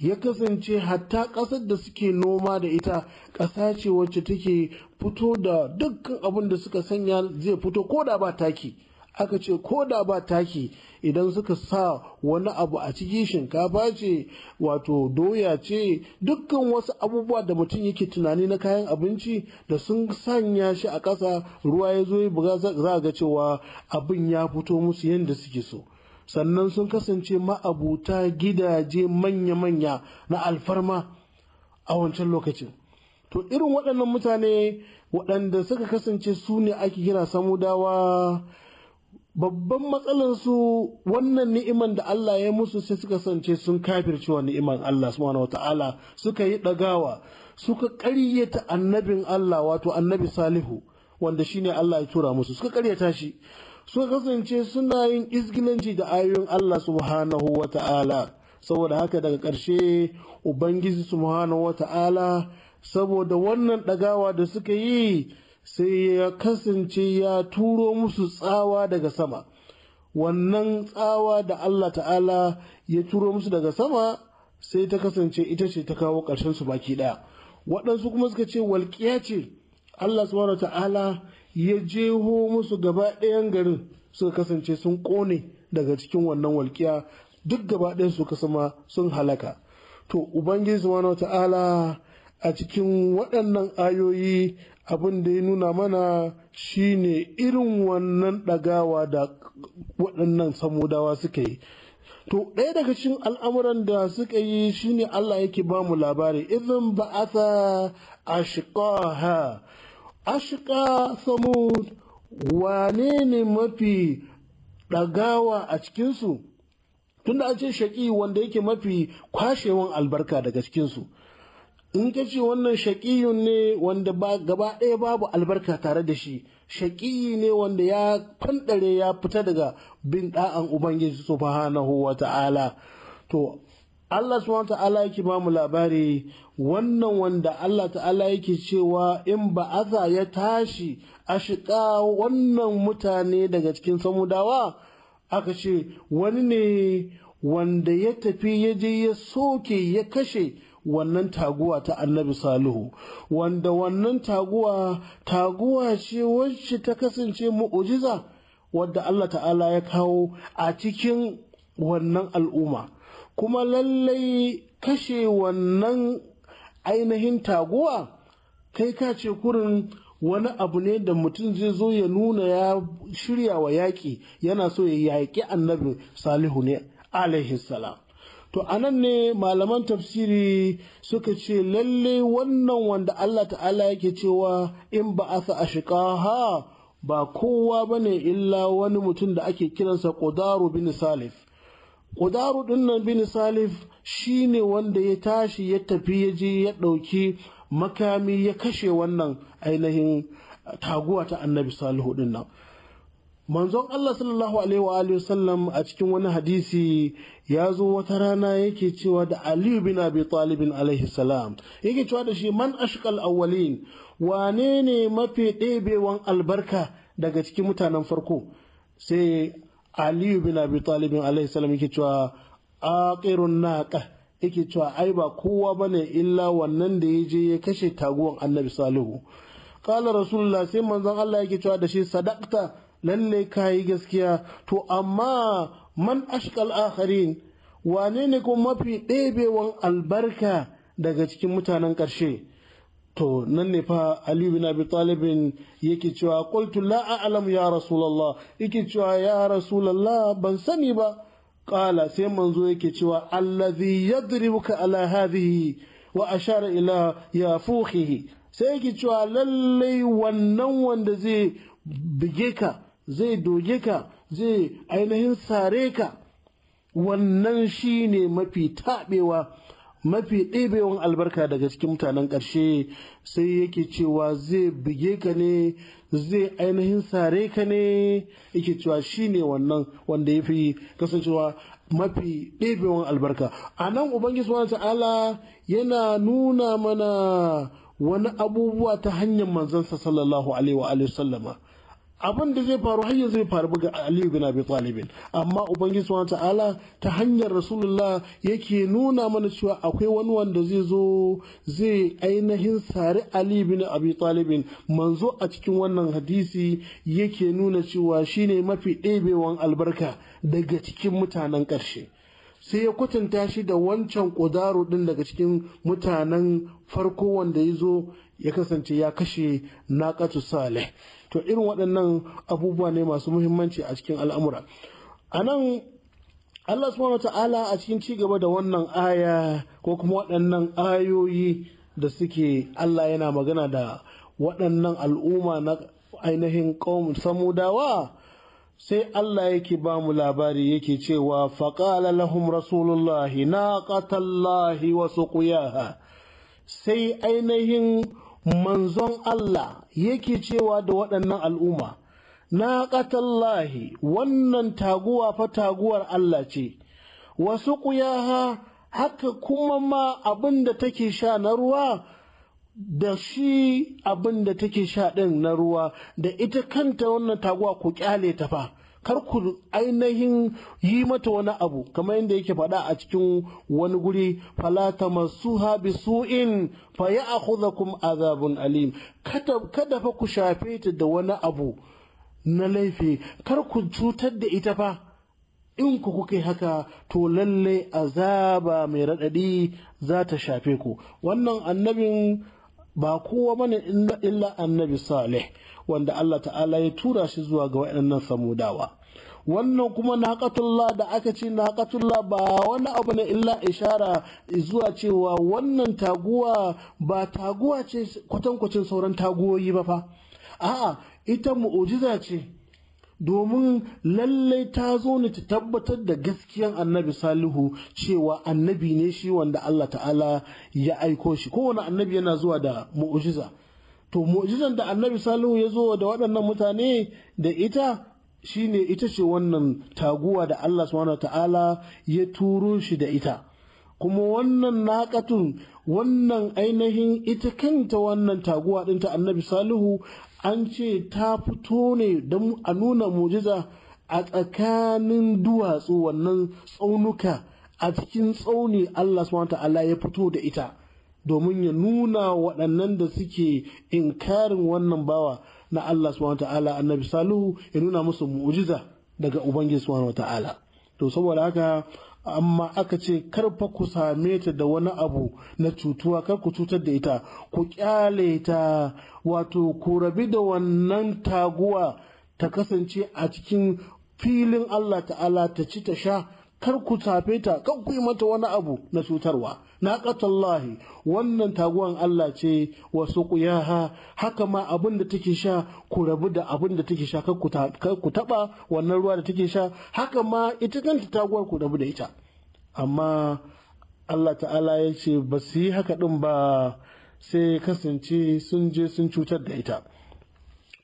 ya kasance hatta ƙasar da suke noma da ita ƙasa ce wacce take fito da dukkan abin da suka sanya zai fito ko da ba taki aka ce ko da ba taki idan suka sa wani abu a cikin shinkafa ce wato doya ce dukkan wasu abubuwa da mutum yake tunani na kayan abinci da sun sanya shi a ƙasa ruwa ya zo ya buga za ga cewa abin ya fito musu yadda suke so sannan sun kasance ma'abuta gidaje manya-manya na alfarma a wancan lokacin to irin waɗannan mutane waɗanda suka kasance su ne ake kira samudawa babban matsalansu wannan ni'iman da Allah ya musu sai suka sance sun kafirci cewa ni'iman Allah subhanahu ta'ala suka yi ɗagawa suka ƙaryata annabin Allah wato annabi Salihu wanda shine Allah ya tura musu suka ƙaryata shi suka kasance suna yin izgilanci da ayoyin Allah subhanahu ta'ala saboda haka daga ƙarshe ubangiji subhanahu ta'ala saboda wannan ɗagawa da suka yi sai ya kasance ya turo musu tsawa daga sama wannan tsawa da Allah ta'ala ya turo musu daga sama sai ta kasance ita ce ta kawo ƙarshen su baki ɗaya waɗansu kuma suka ce walƙiya ce Allah subhanahu ta'ala ya jeho musu gaba ɗayan garin suka kasance sun ƙone daga cikin wannan walƙiya duk gaba ɗayan su kasama sun halaka to ubangiji subhanahu ta'ala a cikin waɗannan ayoyi abin da ya nuna mana shine irin wannan ɗagawa da waɗannan samudawa suka yi to ɗaya daga cikin al'amuran da suka yi shine Allah yake ba mu labari izin idan ta ashiƙa ashqa samud wane ne mafi ɗagawa a cikinsu tunda an ce shaƙi wanda yake mafi kwashewan albarka daga cikinsu in ka ce wannan shaƙiyun ne wanda gaba ɗaya babu albarka tare da shi shaƙiyi ne wanda ya fanɗare ya fita daga bin ɗa'an ubangiji subhanahu wa ta'ala to Allah subhanahu wa ta'ala yake ba mu labari wannan wanda Allah ta'ala yake cewa in ba aza ya tashi a shiƙa wannan mutane daga cikin samudawa aka ce wani ne wanda ya tafi ya je ya soke ya kashe wannan taguwa ta annabi salihu wanda wannan taguwa taguwa ce wacce ta kasance mu'ujiza wadda Allah ta'ala ya kawo a cikin wannan al'umma kuma lallai kashe wannan ainihin taguwa kai ka ce kurin wani abu ne da mutum zai zo ya nuna ya shirya wa yaƙi yana so ya yaƙi Annabi salihu ne alaihi salam to anan ne malaman tafsiri suka ce lalle wannan wanda Allah ta'ala yake cewa in ba a ha, ba kowa ba ne illa wani mutum da ake kiransa ƙudaru bin salif ƙudaru dinnan bin salif shi ne wanda ya tashi ya tafi ya je ya ɗauki makami ya kashe wannan ainihin taguwa ta annabi salihu dinnan manzon Allah sallallahu alaihi wa sallam a cikin wani hadisi ya zo wata rana yake cewa da aliyu bin abi talibin alaihi salam yake cewa da shi man ashkal awwalin wane ne mafi ɗebewan albarka daga cikin mutanen farko sai aliyu bin abi talibin alaihi salam yake cewa aqirun naqa yake cewa ai ba kowa bane illa wannan da ya je ya kashe taguwan annabi salihu qala rasulullah sai manzon Allah yake cewa da shi sadaqta lalle kayi gaskiya to amma man ashkal akharin wane ne kuma mafi ɗebewan albarka daga cikin mutanen ƙarshe to nan ne fa aliyu bin abi talibin yake cewa qultu la a'lamu ya rasulullah yake cewa ya rasulullah ban sani ba qala sai manzo yake cewa allazi yadribuka ala hadhihi wa ashara ila yafukhihi sai yake cewa lallai wannan wanda zai bige ka zai doge ka zai ainihin sare ka wannan shi ne mafi taɓewa mafi ɗebewan albarka daga cikin mutanen ƙarshe sai yake cewa zai bige ka ne zai ainihin sare ka ne yake cewa shi ne wannan wanda ya fi kasancewa mafi ɗebewan albarka a nan ubangiji wani ta'ala yana nuna mana wani abubuwa ta hanyar manzansa sallallahu alaihi wa sallama abin da zai faru har zai faru ga Aliyu bin Abi talibin amma ubangiji subhanahu ta'ala ta hanyar Rasulullah yake nuna mana cewa akwai wani wanda zai zo zai ainihin sari Aliyu bin Abi talibin manzo a cikin wannan hadisi yake nuna cewa shine mafi ɗebewan albarka daga cikin mutanen ƙarshe sai ya kwatanta shi da wancan ƙudaro ɗin daga cikin mutanen farko wanda ya zo ya kasance ya kashe naƙatu salih to irin waɗannan abubuwa ne masu muhimmanci a cikin al'amura a nan allah subhanahu ta'ala a cikin ci gaba da wannan aya ko kuma waɗannan ayoyi da suke allah yana magana da waɗannan al'umma na ainihin samudawa sai Allah yake ba mu labari yake cewa faƙala lahum rasulullahi na ƙatallahi wasu ƙuyaha sai ainihin manzon Allah yake cewa da waɗannan al'umma na ƙatallahi wannan taguwa fa taguwar Allah ce wasu ƙuyaha haka kuma ma abin da take sha na ruwa da shi abin da take sha ɗin na ruwa da ita kanta wannan taguwa ku ƙyale ta fa kar ku ainihin yi mata wani abu kamar yadda yake faɗa a cikin wani guri falata masu habi su'in fa ya ya'khudhukum azabun alim kada fa ku shafe ta da wani abu na laifi kar ku cutar da ita fa in ku kuka haka to lalle azaba mai raɗaɗi za ta shafe ku wannan annabin ba kowa bane illa annabi salih wanda Allah ta'ala ya tura shi zuwa ga waɗannan samudawa wannan kuma naqatullah da aka ce naqatullah ba wani abu ne illa ishara zuwa cewa wannan taguwa ba taguwa ce kwatankwacin sauran taguwoyi ba fa a'a ita mu'ujiza ce domin lallai ta zo ne ta tabbatar da gaskiyan annabi salihu cewa annabi ne shi wanda Allah ta'ala ya aiko shi kowane annabi yana zuwa da mu'ujiza to mu'jizan da annabi salihu ya zo da waɗannan mutane da ita shine ita ce wannan taguwa da Allah subhanahu ta'ala ya turo shi da ita kuma wannan naƙatun wannan ainihin ita kanta wannan taguwa ɗin ta annabi salihu an ce ta fito ne don a nuna mujiza a tsakanin duwatsu wannan tsaunuka a cikin tsauni Allah subhanahu ta'ala ya fito da ita domin ya nuna waɗannan da suke inkarin wannan bawa na Allah subhanahu ta'ala annabi salihu ya nuna musu mu'ujiza daga ubangiji subhanahu ta'ala to saboda haka amma aka ce karfa ku same ta da wani abu na cutuwa kar ku cutar da ita ku kyale ta wato ku rabi da wannan taguwa ta kasance a cikin filin Allah ta'ala ta ci ta sha kar ku tafe ta kar ku yi mata wani abu na cutarwa naqatallahi wannan taguwan Allah ce wasu kuyaha haka ma abin da take sha ku rabu da abin da take sha kar ku taba wannan ruwa da take sha haka ma ita kanta taguwar ku rabu da ita amma Allah ta'ala ya ce ba su yi haka din ba sai kasance sun je sun cutar da ita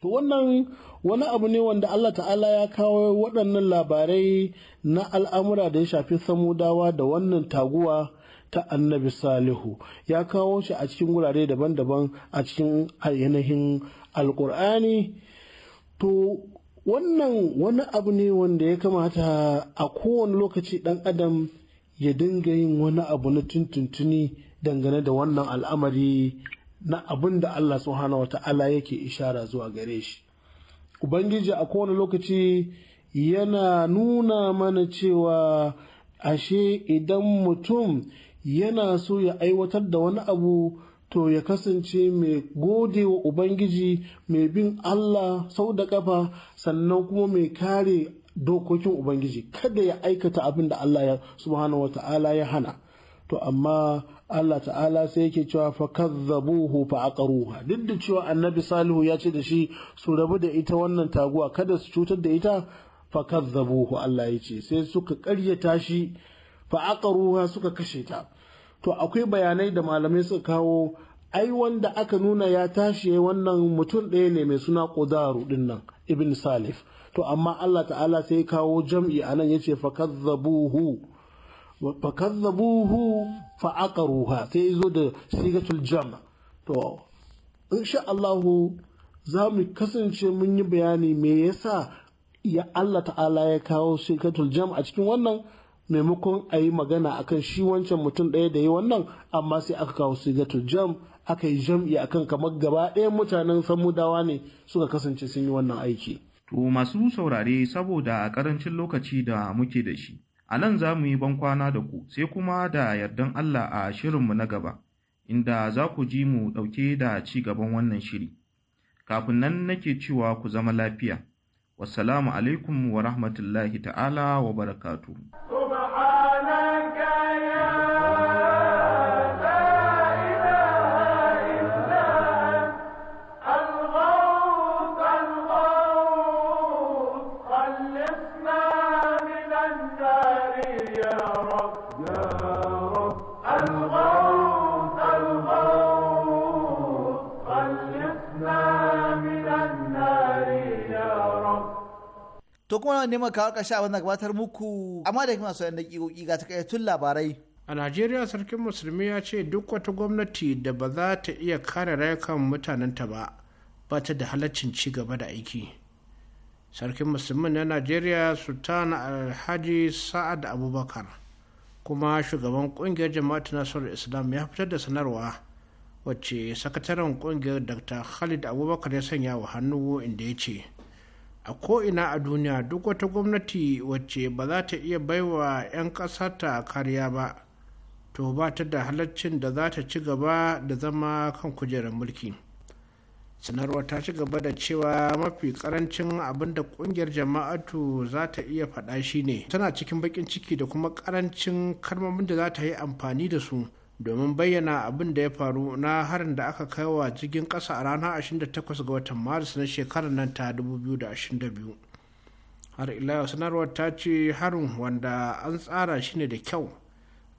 to wannan wani abu ne wanda Allah ta'ala ya kawo waɗannan labarai na al'amura da ya shafi samudawa da wannan taguwa ta annabi salihu ya kawo shi a cikin wurare daban-daban a cikin yanayin alkur'ani to wannan wani abu ne wanda ya kamata a kowane lokaci dan adam ya dinga yin wani abu na tuntuntuni dangane da wannan al'amari na abin da Allah subhanahu wa ta'ala yake ishara zuwa gare shi ubangiji a kowane lokaci yana nuna mana cewa ashe idan mutum yana so ya aiwatar da wani abu to ya kasance mai gode wa ubangiji mai bin allah sau da kafa sannan kuma mai kare dokokin ubangiji kada ya aikata abin da allah ya subhanahu wa ta'ala ya hana to amma Allah ta'ala sai yake cewa fa kazzabuhu fa aqaruha duk da cewa annabi salihu ya ce da shi su rabu da ita wannan taguwa kada su cutar da ita fa kazzabuhu Allah ya ce sai suka karyata shi fa suka kashe ta to akwai bayanai da malamai suka kawo ai wanda aka nuna ya tashi wannan mutum ɗaya ne mai suna ƙudaru ɗin nan ibn salif to amma Allah ta'ala sai ya kawo jam'i a nan ya ce fakazzabuhu fa'aƙaruwa sai ya zo da sigatul jam to insha Allah za mu kasance mun yi bayani me yasa ya Allah ta'ala ya kawo sigatul jam a cikin wannan maimakon a yi magana akan shi wancan mutum ɗaya da yi wannan amma sai aka kawo ga jam aka yi jam'i akan kamar gaba ɗaya mutanen samudawa ne suka kasance sun yi wannan aiki. To masu saurare saboda karancin lokaci da muke da shi, a nan za mu yi bankwana da ku sai kuma da yardan Allah a shirin mu na gaba, inda za ku ji mu ɗauke da ci gaban wannan shiri. Kafin nan nake cewa ku zama lafiya. wasalamu alaikum wa rahmatullahi ta'ala wa barakatuhu. To kuma neman kawo ƙarshe abin da gabatar muku amma da kuma sauran daƙiƙoƙi ga takaitun labarai. A Najeriya sarkin musulmi ya ce duk wata gwamnati da ba za ta iya kare rayukan mutanenta ba ba ta da halaccin ci gaba da aiki. Sarkin musulmin na Najeriya Sultan Alhaji Sa'ad Abubakar kuma shugaban kungiyar ta nasarar Islam ya fitar da sanarwa wacce sakataren kungiyar Dr. Khalid Abubakar ya sanya wa hannu inda ya ce a ko'ina a duniya duk wata gwamnati wacce ba za ta iya baiwa 'yan ƙasa ta kariya ba to ba ta da halaccin da za ta ci gaba da zama kan kujerar mulki sanarwa ta ci gaba da cewa mafi karancin abin da kungiyar jama'atu za ta iya faɗa shine tana cikin baƙin ciki da kuma karancin kalmomin da za ta yi amfani da su domin bayyana abin da ya faru na harin da aka kai wa jirgin kasa a ranar 28 ga watan maris na shekarar nan ta 2022 har ila sanarwar ta ce harin wanda an tsara shi ne da kyau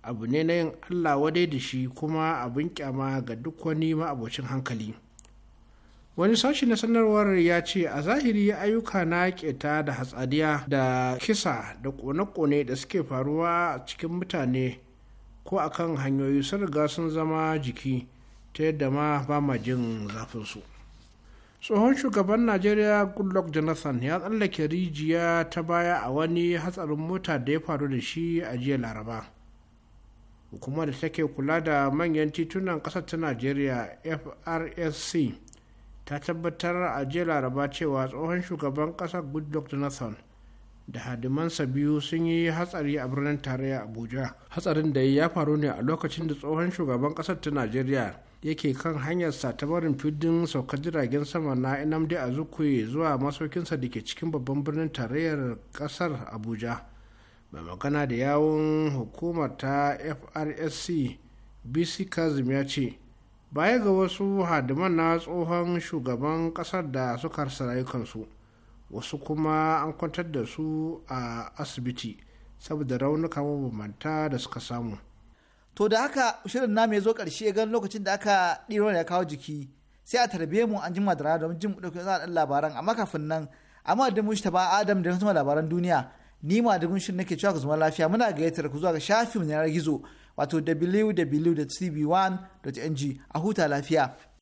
abu ne na yin allah wadai da shi kuma abin kyama ga duk wani ma'abocin hankali wani sashi na sanarwar ya ce a zahiri ayyuka na keta da hatsariya da kisa da kone-kone da suke faruwa a cikin mutane ko a kan hanyoyi sun riga sun zama jiki ta yadda ma ba ma jin zafinsu tsohon shugaban najeriya goodluck jonathan ya tsallake rijiya ta baya a wani hatsarin mota da ya faru da shi a jiya laraba hukumar da take kula da manyan titunan kasar ta najeriya frsc ta tabbatar a jiya laraba cewa tsohon shugaban kasar goodluck jonathan da hadimansa biyu sun yi hatsari a birnin tarayya abuja hatsarin da ya faru ne a lokacin da tsohon shugaban kasar ta najeriya yake kan hanyarsa ta barin fidin saukar jiragen sama na inamdi a zukwe zuwa masaukinsa da ke cikin babban birnin tarayyar kasar abuja mai magana da yawon hukumar ta frsc bc kazim ya ce baya ga wasu hadiman na tsohon shugaban kasar da suka rasa rayukansu wasu kuma an kwantar da su a asibiti saboda raunuka mabambanta da suka samu to da haka shirin namu ya zo karshe gan lokacin da aka ɗiro ya kawo jiki sai a tarbe mu an jima da rana domin jin mu ɗauki za a ɗan labaran amma kafin nan amma da mun shi taba adam da kuma labaran duniya ni ma da shi nake cewa ku zama lafiya muna gayyatar ku zuwa ga shafin yanar gizo wato www.cb1.ng a huta lafiya.